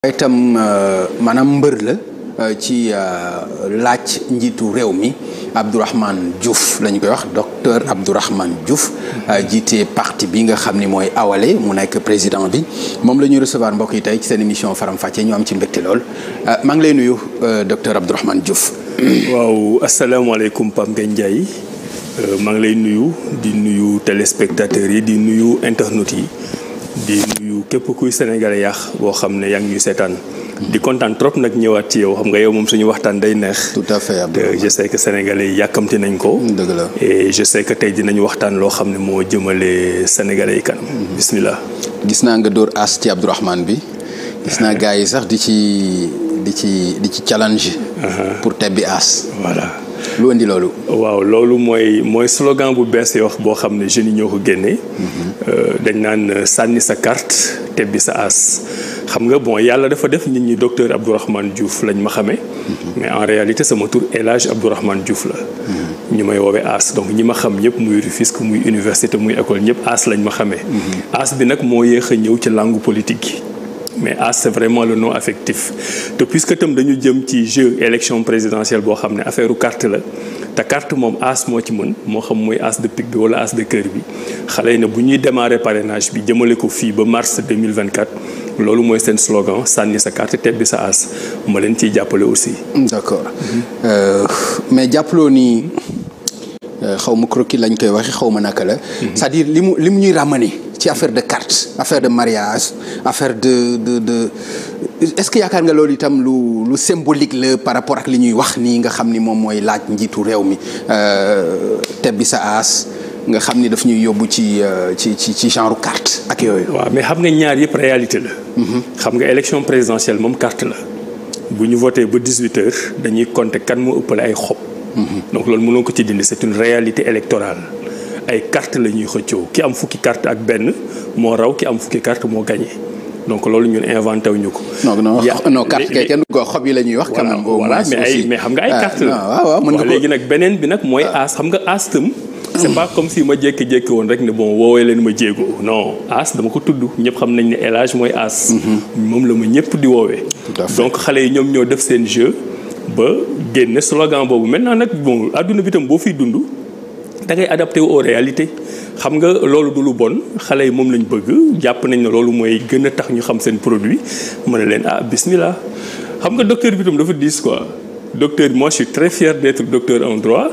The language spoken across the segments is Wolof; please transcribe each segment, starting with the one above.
itam euh, maanaam mbër la euh, ci euh, laaj njiitu réew mi Abdourahmane Diouf lañu koy wax docteur Abdourahmane Diouf jiite parti bi nga xam ni mooy awale mu nekk président bi moom la ñuy recevoir mbokk yi tey ci seen émission Faram Facce ñu am ci mbégte lool maa ngi lay nuyu docteur Abdourahmane Diouf. waaw asalaamaaleykum Pape Ngagne Ndiaye maa ngi lay nuyu di nuyu téléspectateurs yi di nuyu internautes yi. di nuyu képp kuy sénégalais yaax boo xam ne yaa ngi ñuy seetaan. di kontaan trop nag ñëwaat ci yow xam nga yow moom suñu waxtaan day neex. tout à fait euh, je sais que sénégalais yi yàkkamti nañ ko. Mm, dëgg la et tey dinañu waxtaan loo xam ne moo jëmalee sénégalais yi kanam. Mm-hmm. bismillah gis naa nga dóor as ci Abdourahmane bi. gis naa gars yi sax di ci di ci di ci challenge. Uh-huh. pour tebbi as. voilà. lu di loolu. waaw loolu mooy mooy slogan bu bees wax boo xam ne jeunes ñoo ko génnee. Euh, dañ naan euh, sànni sa carte tebbi sa as xam nga bon yàlla dafa def nit ñi docteur Abdourahmane Diouf lañ ma xamee. mais en réalité sama tur El Hadj Abdourahmane Diouf la. ñu may woowee AAS donc ñi ma xam ñëpp muy Rufisque muy université muy école ñëpp AAS lañ ma xamee. AAS bi nag moo yéex a ñëw ci langue politique gi. mais as c'est vraiment la non affectif te puisque tam dañu jëm ci jeu élection présidentielle boo xam ne affaire carte la te carte moom as moo ci mën moo xam mooy as de pique bi wala as de cœur bi xale ne bu ñuy démarrer parrainage bi jëmale ko fii ba mars 2024 loolu mooy seen slogan sànni sa carte tebbi sa as ma leen ciy jàppale aussi. d'accord euh, mais jàppaloo ni euh, xaw ma croquis lañ koy waxee xaw ma naka la. Mhm. c'est-à-dire li mu li mu ñuy ramener ci affaire de carte affaire de mariage affaire de de est-ce que yaakaar nga loolu itam lu lu symbolique la par rapport ak li ñuy wax nii nga xam ni moom mooy laaj njiitu réew mi euh, tebbi sa aas nga xam ni daf ñuy yóbbu ci euh, ci ci ci genre carte ak yooyu. waaw mais xam nga ñaar yëpp réalité la. Mhm. xam nga élection présidentielle moom carte la. bu ñu voté ba 18 heures dañuy conte kan moo ëppale ay xob. Mhm. donc loolu munoo ko ci dindi c'est une réalité électorale. ay carte la ñuy xëccoo ki am fukki carte ak benn moo raw ki am fukki carte moo gagné donc loolu ñun inventé wu ñu ko. non non non carte kay kenn du ko xob yi la ñuy wax. quand même voilà mais ay mais xam nga ay ah, carte la. waaw waaw mën nga ko léegi nag beneen bi nag mooy as xam nga as tam. c' est ah. pas comme si ma jékki-jékki woon rek ne bon woowee leen ma jéego non as dama ko tudd ñëpp xam nañ ne El mooy as. Mhm. moom la ma ñëpp di woowee. donc xale yi ñoom ñoo def seen jeu ba génne slogan boobu maintenant nag bon adduna bi boo fiy dund. da ngay adapté aux réalité xam nga loolu du lu bon xale yi moom lañ bëgg jàpp nañ ne loolu mooy gën a tax ñu xam seen produit mën na leen ah bismillah xam nga docteur bi tam dafa diis quoi docteur moi je suis très fier d'être docteur en droit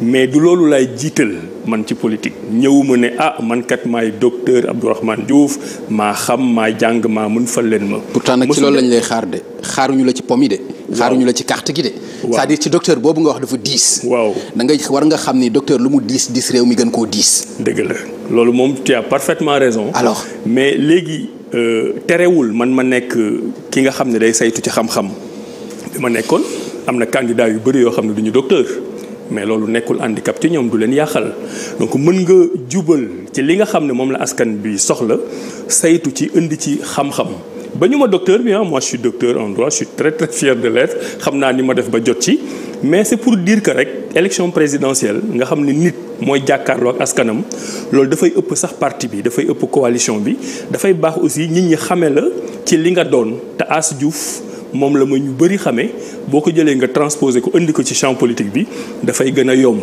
mais du loolu laay jiital. man ci politique ñëwuma ne ah man kat maay docteur Abdourahmane Diouf maa xam maa jàng maa mën fal leen ma. pourtant nag ci loolu lañ lay xaar de xaaruñu la ci pom yi de. xaaruñu la ci carte gi de. c'est-à-dire ci docteur boobu nga wax dafa diis. waaw da ngay war nga xam ni docteur lu mu diis diis réew mi gën koo diis. dëgg la loolu moom tu as parfaitement raison. alors mais léegi euh, terewul man ma nekk euh, ki nga xam ne day saytu ci xam-xam bi ma nekkoon am na candidat yu bëri yoo xam ne mais loolu nekkul handicap ci ñoom du leen yàqal donc mën nga jubal ci li nga xam ne moom la askan bi soxla saytu ci indi ci xam-xam ba ñu ma docteur bi ah moi je suis docteur en droit je suis fier de l'être xam naa ni ma def ba jot ci mais c'est pour diir que rek élection présidentielle nga xam ni nit mooy jàkkaarloo ak askanam loolu dafay ëpp sax partie bi dafay ëpp coalition bi dafay baax aussi nit ñi xame la ci li nga doon te As moom la ma ñu bëri xame boo ko jëlee nga transposé ko indi ko ci champ politique bi dafay gën a yomb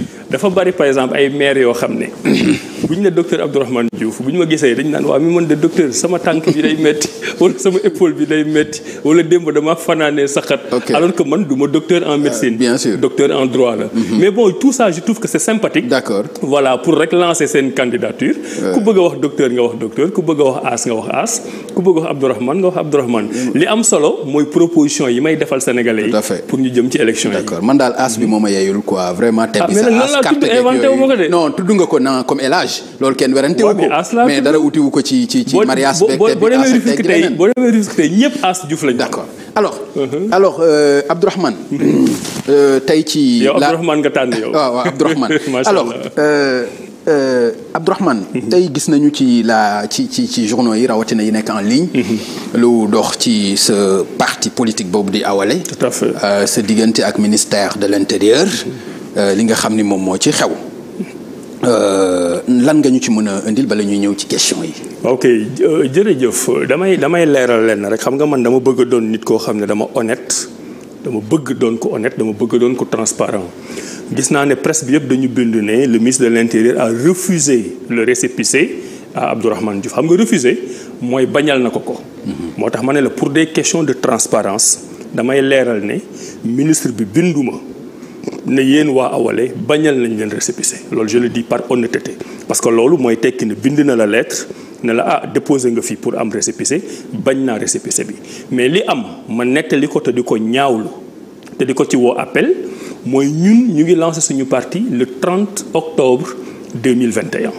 dafa bari par exemple ay maire yoo xam ne buñ la docteur Abdourahmane Diouf bu ñu ma gisee dañ naan waa mi man de docteur sama tànk bi day metti wala sama épaule bi day metti wala démb dama fanaanee saxat alors que man du docteur en médecine euh, docteur en droit la mhm. mais bon tout ça je que c'est sympathique d'accord voilà pour rek lancer seen candidature euh. ku bëgg a wax docteur nga wax docteur ku bëgg wax aas nga wax aas ku bëgg wax Abdourahmane nga wax Abdourahmane mm. li am solo mooy proposition mariage loolu kenn werante wu ko mais dara utiwu ko ci ci ci mariage boo demee risque ñëpp as Diouf lañ d'accord alors uh-huh. alors euh, mm-hmm. euh, ci yow Abdourahmane nga tànn yow ah, waaw euh, mm-hmm. gis nañu ci la ci ci ci journaux yi rawatina yi nekk en ligne mm-hmm. lu dox ci sa parti politique boobu di awale tout sa diggante ak ministère de l'intérieur li nga xam ni moom moo ci xew lan nga ñu ci mën a indil bala ñuy ñëw ci question yi. ok euh, jërëjëf damay damay leeral leen lenn rek xam nga man dama bëgg doon nit koo xam ne dama honnête dama bëgg doon ko honnête dama bëgg doon ko transparent gis naa ne presse bi yëpp dañu bind ne le ministre de l'intérieur a refusé le récépissé à Abdourahmane Diouf xam nga refusé mooy bañal na ko ko. Mhm. moo tax ma ne la pour des question de transparence damay leeral ne ministre bi binduma ne yéen waa Awalé bañal nañ leen récépissé loolu je le dis par honnêteté parce que loolu mooy tekki ne bind na la lettre ne la ah déposé nga fii pour am récépissé bañ naa récépissé bi mais li am ma nettali ko te di ko ñaawlu te di ko ci woo appel mooy ñun ñu ngi lancé suñu parti le 30 octobre 2021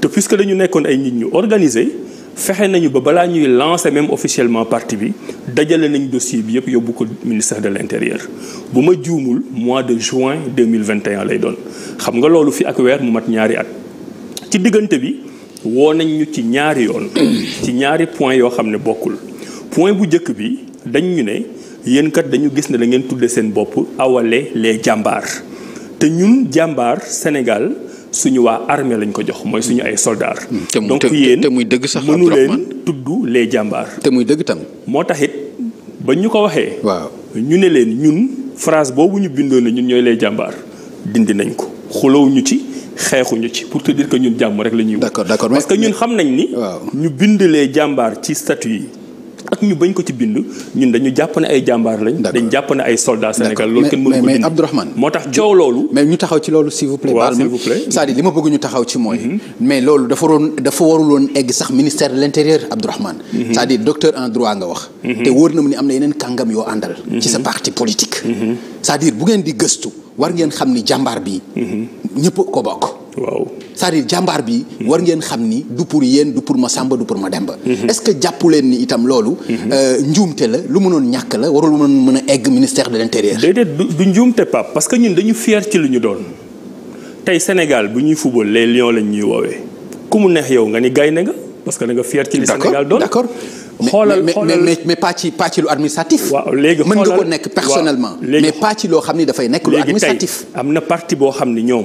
te puisque dañu nekkoon ay nit ñu organisé fexe nañu ba balaa ñuy lancé même officiellement partie bi dajale nañu dossier bi yëpp yóbbu ko ministère de l'intérieur bu ma juumul mois de juin 2021 lay doon xam nga loolu fi ak weer mu mat ñaari at ci diggante bi woo nañ ñu ci ñaari yoon ci ñaari point yoo xam ne bokkul point bu njëkk bi dañ ñu ne yéen kat dañu gis ne da ngeen tudde seen bopp awale les jàmbaar te ñun jàmbaar Sénégal suñu waa armée lañ ko jox mooy suñu ay soldats. Hmm. donc yéen te muy dëgg sax mënu leen tudd les jàmbaar. te muy dëgg tam. moo tax it ba ñu ko waxee. waaw ñu ne leen ñun phrase boobu ñu bindoo ne ñun ñooy les jàmbaar dindi nañ ko xulóow ñu ci. ñu ci pour te dire que ñun jàmm rek la ñuy. d'accord d'accord parce que ñun xam nañ ni. ñu bind les jàmbaar ci statu yi. ñu bañ ko ci bind ñun dañu jàpp ne ay jàmbaar lañ. dañ jàpp ne ay soldats Sénégal loolu kenn mënu ko mais Abdourahmane moo tax coow loolu. mais ñu taxaw ci loolu s'il vous plaît. waaw s'il vous plaît li ma bëgg ñu taxaw ci mooy. Mhm. mais loolu dafa waroon dafa warul woon egg sax ministère de l'intérieur Abdourahmane. Mhm. c'est-à-dire docteur en droit nga wax. Mhm. te wóor na mu ni am na yeneen kàngam yoo àndal. ci sa parti politique. c'est-à-dire bu ngeen di gëstu war ngeen xam ni jàmbaar bi ñëpp ko bokk waaw c'est-à-dire bi. war ngeen xam ni du pour yéen du pour ma sàmba du pour ma demba. Mhm. est-ce que jàppu leen ni itam loolu. Mhm. Euh, njuumte la lu mënoon ñàkk la warul mën a egg ministère de l'intérieur. déedéet du njuumte Pape parce que ñun dañu fier ci lu ñu doon tey Sénégal bu ñuy football les lions lañ ñuy woowee ku mu neex yow nga ni gaynde nga parce que da nga fier ci li Sénégal doon d'accord xoolal mais mais, mais mais pas ci pas ci léegi xoolal mën nga ko nekk personnellement. mais pas ci loo xam ni dafay nekk lu administratif. am na parti boo xam ni ñoom.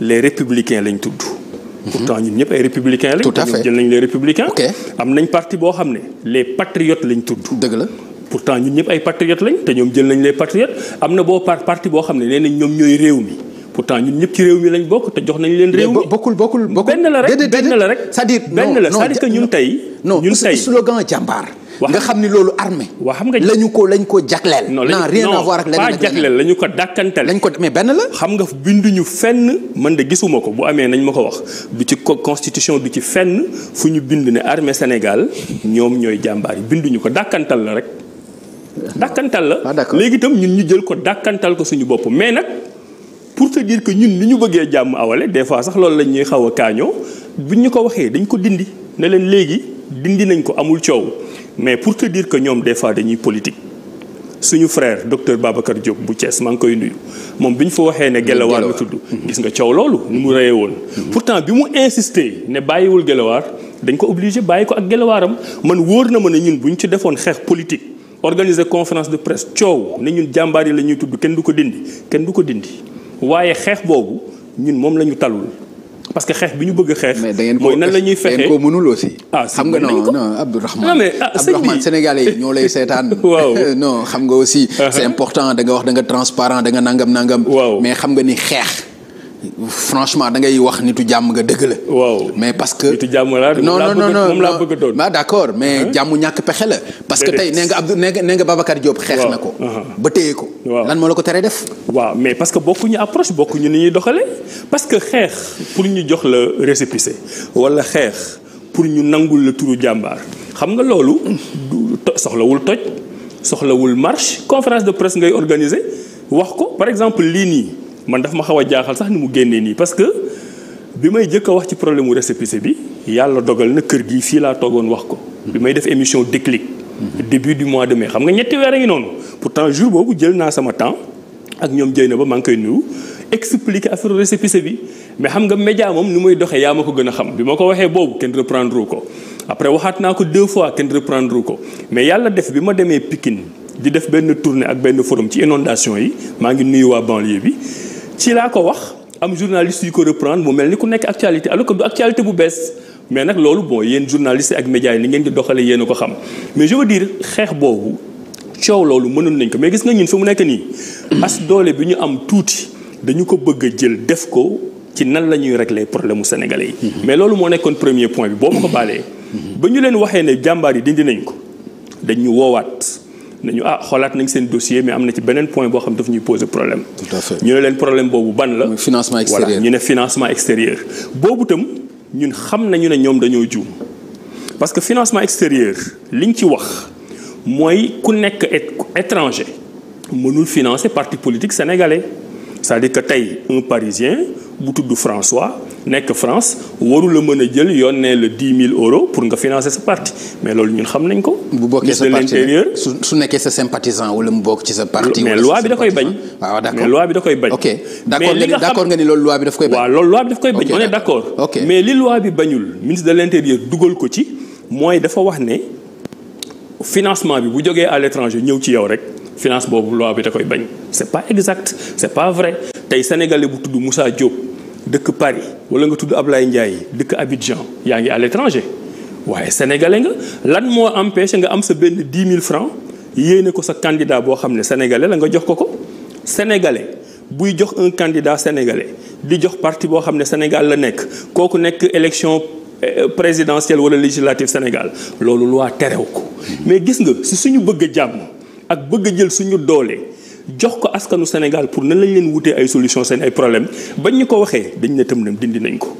les républicains lañ tudd. Mhm. pourtant ñun ñëpp ay républicains lañ. tout à fait jël nañ les républicains. am nañ parti boo xam ne les patriotes lañ tudd. dëgg la. pourtant ñun ñëpp ay patriotes lañ te ñoom jël nañ les patriotes am na boo parti boo xam ne nee nañ ñoom ñooy réew mi pourtant ñun ñëpp ci réew mi lañ bokk te jox nañ leen. réew mi bokkul bokkul bokkul benn la rek benn la rek. c'est-à-dire benn la c'est-à-dire que ñun tey. ñun tey slogan jàmbaar. nga xam ni loolu armée. waa xam nga lañu ko lañ ko jagleel. non rien à voir ak leneen ak jagleel lañu ko dàkkantal. lañ ko mais benn la. xam nga binduñu fenn man de gisuma ko bu amee nañ ma ko wax du ci constitution du ci fenn fu ñu bind ne armée Sénégal ñoom ñooy jàmbaar yi binduñu ko dàkkantal la rek. dàkkantal la ah, léegi itam ñun ñu jël ko dàkkantal ko suñu bopp mais nag pour te dire que ñun ni ñu bëggee jàmm awale des fois sax loolu la ñuy xaw a kaañoo buñ ñu ko waxee dañ ko dindi ne leen léegi dindi nañ ko amul coow. mais pour que dire que ñoom des fois dañuy politique suñu frère docteur Babacar Diop bu Thiès maa ngi koy nuyu moom bi ñu fa waxee ne mm-hmm. Gelawaar la tudd mm-hmm. gis nga coow loolu nu mu reyee woon mm-hmm. pourtant bi mu insisté ne bàyyiwul Gelawaar dañ ko obligé bàyyi ko ak Gelawaaram man wóor na ma ne ñun bu ñu ci defoon xeex politique organiser conférence de presse coow ne ñun jàmbaar yi la ñuy tudd kenn du ko dindi kenn du ko dindi waaye xeex boobu ñun moom la ñu talul parce que xeex bi ñu bëgg a xeex. mooy nan la ñuy fexe mais da ngeen koo mënul aussi. Ah, xam nga non non Abdourahmane. mais ah Abdourahmane sénégal yi ñoo lay seetaan. waaw non xam nga aussi. c'est uh-huh. important da nga wax da nga transparent danga nga nangam nangam. waaw mais xam nga ni xeex. franchement da ngay wax nitu jàmm nga dëgg la. waaw mais parce que. nitu jàmm laa non non laa bëgg a doon ah d' mais uh-huh. jàmm ñàkk pexe la. parce que tey nee nga Abdou nee nga nee nga Babacar Diop. xeex na ko. Uh-huh. ba téye ko. lan moo la ko teree def. waaw mais parce que bokkuñu approche bokkuñu ni ñuy doxalee parce que xeex pour ñu jox la récépissé walla xeex pour ñu nangul la turu jàmbaar xam nga loolu. soxlawul toj soxlawul marche conférence de presse ngay organiser wax ko par exemple lii nii. man daf ma xaw a jaaxal sax ni mu génnee nii parce que bi may jëkk wax ci problème mu récépissé bi yàlla dogal na kër gi fii laa toogoon wax ko. bi may def émission déclic. début du mois de mais xam nga ñetti weer a ngi noonu pourtant jour boobu jël naa sama temps ak ñoom jëy ba maa ngi koy nuyu expliquer affaire récépissé bi mais xam nga média moom ni may doxee yaa ma ko gën a xam bi ma ko waxee boobu kenn reprendre ko après waxaat naa ko deux fois kenn reprendre ko mais yàlla def bi ma demee Pikine di benn tournée ak benn forum ci inondation yi maa ngi nuyu waa banlieue bi ci laa ko wax am journaliste yu ko reprendre mu mel ni ku nekk actualité alors que du actualité bu bees mais nag loolu bon yéen journaliste ak médias yi ni ngeen di doxalee yéen ko xam mais je veux xeex boobu coow loolu mënoon nañ ko mais gis nga ñun fi mu nekk nii. as doole bi ñu am tuuti dañu ko bëgg a jël def ko ci nan la ñuy régler problème mu sénégalais yi. Mhm. mais loolu moo nekkoon premier point bi boo ma ko baalee. Mhm. ba ñu leen waxee ne jàmbaar yi dindi nañ ko dañ woowaat. nañu ah xoolaat nañ seen dossier mais am na ci beneen point boo xam daf ñuy poser problème. tout à fait ñu ne leen problème boobu ban la. financement extérieur ñu ne financement extérieur. boobu itam ñun xam nañu ne ñoom dañoo juum parce que financement extérieur ñu ci wax mooy ku nekk étranger mënul financer parti politique sénégalais c'est-à-dire que tey un parisien. bu tudd François nekk France waru la mën a jël yónnee la dix mille euros pour nga financer sa parti mais loolu ñun xam nañ ko. bu bokkee sa parti su su nekkee sa sympathisant wala mu bokk ci sa parti. mais loi bi da koy bañ. waaw ah, d'accord mais loi bi da koy bañ. ok d'accord nga ni d'accord nga ni loolu loi bi daf koy bañ. waaw loolu loi bi daf koy bañ mais li loi bi bañul ministre de l'intérieur dugal ko ci mooy dafa wax ne financement bi bu jógee à l'étranger ñëw ci yow rek. finance boobu loi bi da koy bañ c'est pas exact c'est pas vrai tey sénégalais bu tudd Moussa jóg dëkk Paris wala nga tudd Ablaye Ndiaye dëkk Abidjan yaa ngi à l'étranger waaye sénégalais nga lan moo empêché nga am sa benn dix mille francs yéene ko sa candidat boo xam ne sénégalais la nga jox ko ko. sénégalais buy jox un candidat sénégalais di jox parti boo xam ne Sénégal la nekk kooku nekk élection euh, présidentielle wala législative Sénégal loolu loi terew ko mais gis nga si suñu bëgg a jàmm ak bëgg a jël suñu doolee jox ko askanu Sénégal pour nan lañ leen wutee ay solution seen ay problème bañ ñu ko waxee dañ ne tam dindi nañ ko.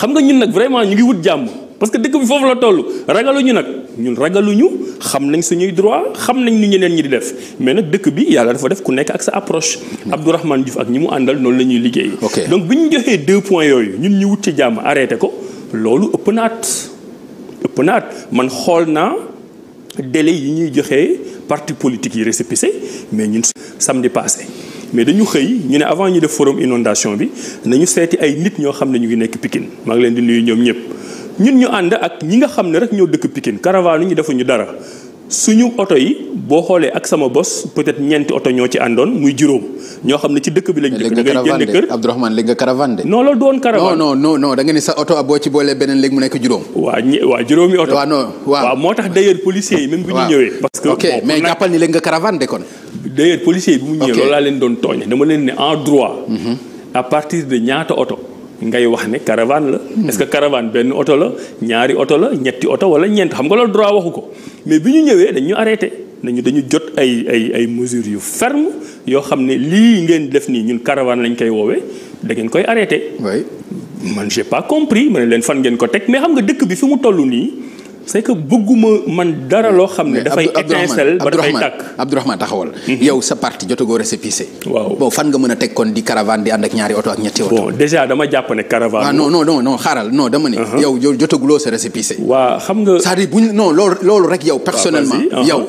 xam nga ñun nag vraiment ñu ngi wut jàmm parce que dëkk bi foofu la toll ragaluñu nag ñun ragaluñu xam nañ su ñuy droit xam nañ ni leen ñi di def mais nag dëkk bi yàlla dafa def ku nekk ak sa approche. Abdourahmane Diouf ak ñi mu àndal noonu la ñuy liggéey. donc bi ñu joxee deux points yooyu ñun ñu wut ci jàmm arrêté ko loolu ëpp naat ëpp naat man xool naa. délai yi ñuy joxe parti politique yi récépissé mais ñun samedi passé mais dañu xëy ñu ne avant ñu def forum inondation bi nañu seeti ay nit ñoo xam ne ñu ngi nekk Pikine maa ngi leen di nuyu ñoom ñëpp ñun ñu ànd ak ñi nga xam ne rek ñoo dëkk Pikine caravane ñu defuñu dara suñu oto yi boo xoolee ak sama bos peut-être ñeenti oto ñoo ci àndoon muy juróom ñoo xam ne ci dëkk bi lañ dëkk da ngay génn kër Abdourahmane léegi nga caravane de non loolu du woon caravane ni sa oto boo ci boolee beneen léegi mu nekk juróom waa ñi waa juróomi oto waaw non waaw moo tax d'ailleurs policiers yi même bi ñu ñëwee parce que ok mais jàppal ni léegi nga caravane de kon d'ailleurs policiers yi bi mu ñëwee loolu laa leen doon tooñ dama leen ne en droit mhm. à partir de ñaata oto ngay wax ne caravane la. parce hmm. que caravane benn oto la ñaari oto la ñetti oto wala ñeent xam nga loolu droit waxu ko mais bi ñu ñëwee dañu arrêté nañu dañu jot ay ay ay mesures yu ferme yoo xam ne lii ngeen def nii ñun caravane lañ koy woowee dangeen ngeen koy arrêté. man j'ai pas compris ma ne leen fan ngeen ko teg mais xam nga dëkk bi fi mu toll nii. c'est que bëgguma man dara loo xam ne. dafay étincelle ba dafay tàkk Abdourahmane taxawal. Mhm. yow sa parti jotagoo récépissé. waaw bon fan nga mën a teg kon di caravane di ànd ak ñaari oto ak ñetti oto. bon déjà dama jàpp ne caravane. ah non non non non xaaral non dama ne. Uh-huh. yow yow jotaguloo sa récépissé. waa xam nga. cest à bu ñu loolu loolu rek yow. Ah, personnellement uh-huh. yow.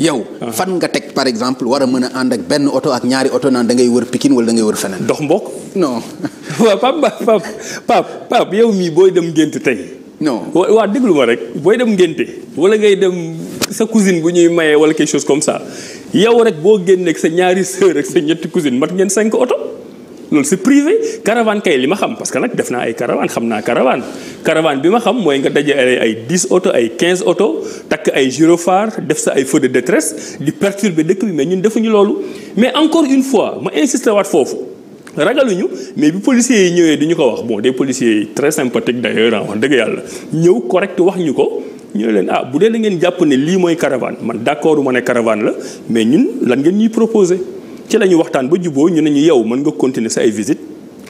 yow uh-huh. fan nga teg par exemple war a mën a ànd ak benn oto ak ñaari oto naan da ngay wër Pikine wala da ngay wër feneen. dox mbokk. non. waaw Pape Pape Pape yow booy dem gént tey non waaw déglu ma rek booy dem ngénte wala ngay dem sa cousine bu ñuy mayee wala quelque chose comme ça yow rek boo génneeg sa ñaari sœur ak sa ñetti cousine mat ngeen cinq oto loolu c'est privé caravane kay li ma xam parce que nag def naa ay caravane xam naa caravane caravane bi ma xam mooy nga dajale ay 10 oto ay quinze oto takk ay gyrophare def sa ay feu de détresse di perturber dëkk bi mais ñun defuñu loolu mais encore une fois ma insister waat foofu ragaluñu mais bi policiers yi ñëwee duñu ko wax bon de policiers très sympathiques d'ailleurs wax dëgg yàlla ñëw correct wax ñu ko ñu leen ah bu dee da ngeen jàpp ne lii mooy caravane man d'accord ma ne caravane la mais ñun lan ngeen ñuy proposé ci la ñu waxtaan ba juboo ñu ne ñu yow mën nga continuer sa ay visite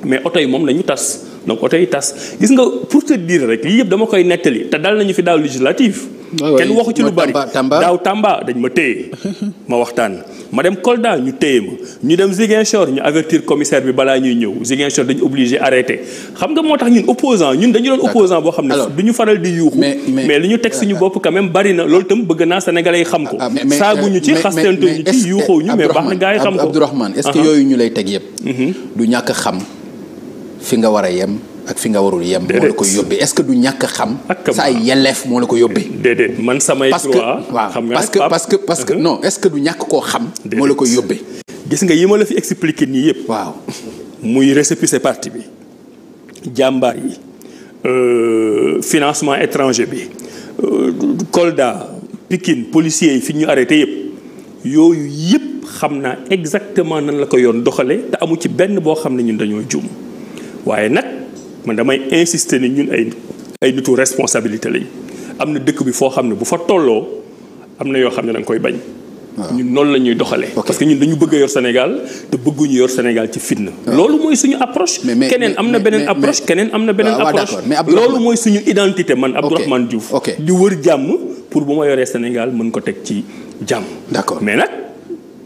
mais oto yi moom nañu tas donc oto yi tas gis nga pour te dire rek lii yëpp dama koy nettali te dal ñu fi daaw législative ah kenn waxu ci lu bari daaw Tamba dañ ma téye ma waxtaan ma dem Kolda ñu téye ma ñu dem Ziguinchor ñu avertir commissaire bi balaa ñuy ñëw Ziguinchor dañu obligé arrêté xam nga moo tax ñun opposant ñun dañu doon opposant boo xam ne du ñu faral di yuuxu mais li ñu teg suñu euh, bopp quand même bari na loolu tam bëgg naa sénégalais xam ko ah, ah, saaguñu ci euh, xastantoo ñu ci yuuxoo ñu mais baax na gaa yi xam ko Abdourahmane est uh-huh. ñu lay teg yëpp mm-hmm. du ñàkk xam fi nga war a yem ak fi nga warul yem. moo la koy yóbbee est-ce que du ñàkk xam. sa ay yelleef moo la ko yóbbee. déedéet man samay droit xam nga parce que parce que parce que non est-ce que du ñàkk koo xam. moo la koy yóbbee. gis nga yi ma la fi expliqué nii yëpp. waaw muy récépissé parti bi jàmbaar yi euh, financement étranger bi euh, Kolda Pikine policiers yi fi ñu arrêté yëpp yooyu yëpp xam naa exactement nan la ko yoon doxalee te amu ci benn boo xam ne ñun dañoo juum. waaye nag man damay insister ni ñun ay ay nitu responsabilité lañ am na dëkk bi foo xam ne bu fa tolloo am na yoo xam ne da nga koy bañ. Ah. ñun noonu la ñuy doxalee. parce que ñun dañu bëgg a yor Sénégal te bëgguñu yor Sénégal ci fitna. Ah. loolu mooy suñu approche. keneen am na beneen ah, approche keneen am na beneen approche. loolu mooy suñu identité man Abdourahmane Diouf. di wër jàmm pour bu ma yoree Sénégal mën ko teg ci jàmm. d'accord mais nag.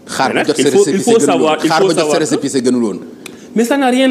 xaar ba jot sa récépissé gënul woon mais nag il faut il faut savoir il faut savoir n'a rien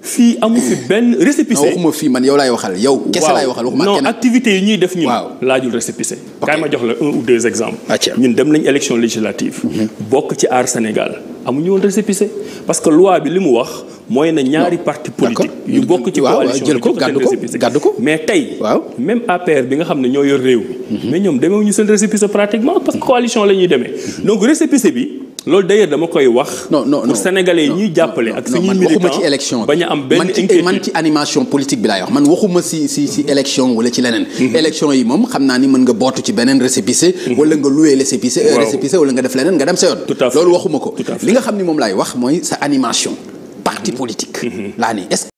fii amu fi benn récépissé. waxuma fii man yow laay waxal yow. kese laay waxal waxuma kenn non activité yi ñuy def ñun. laajul récépissé. kaay ma jox la un ou deux exemples. ñun dem nañ élection législative. Mhm. bokk ci aar Sénégal amuñu woon récépissé parce que loi bi li mu wax mooy na ñaari parti politique yu bokk ci coalition jël ko gàddu ko gàddu ko mais tey waaw même APR bi nga xam ne ñoo yor réew mi mhm. mais ñoom demeewuñu seen récépissé pratiquement parce que coalition la ñuy demee mhm. bi loolu d'ailleurs dama koy wax. non non non Sénégalais yi ñuy jàppale ak suñuy militants waxuma ci am benn eh, inquiétude man ci animation politique bi laay wax man waxuma si si si élection wala ci leneen. Mhm. élection yi moom xam naa ni mën nga bootu ci beneen récépissé. Mhm. wala nga loué récépissé. Euh, récépissé nga def leneen nga dem se yoon. tout à loolu waxuma ko. li nga xam ni moom laay wax mooy sa animation. parti mhm. politique. laa ni est-ce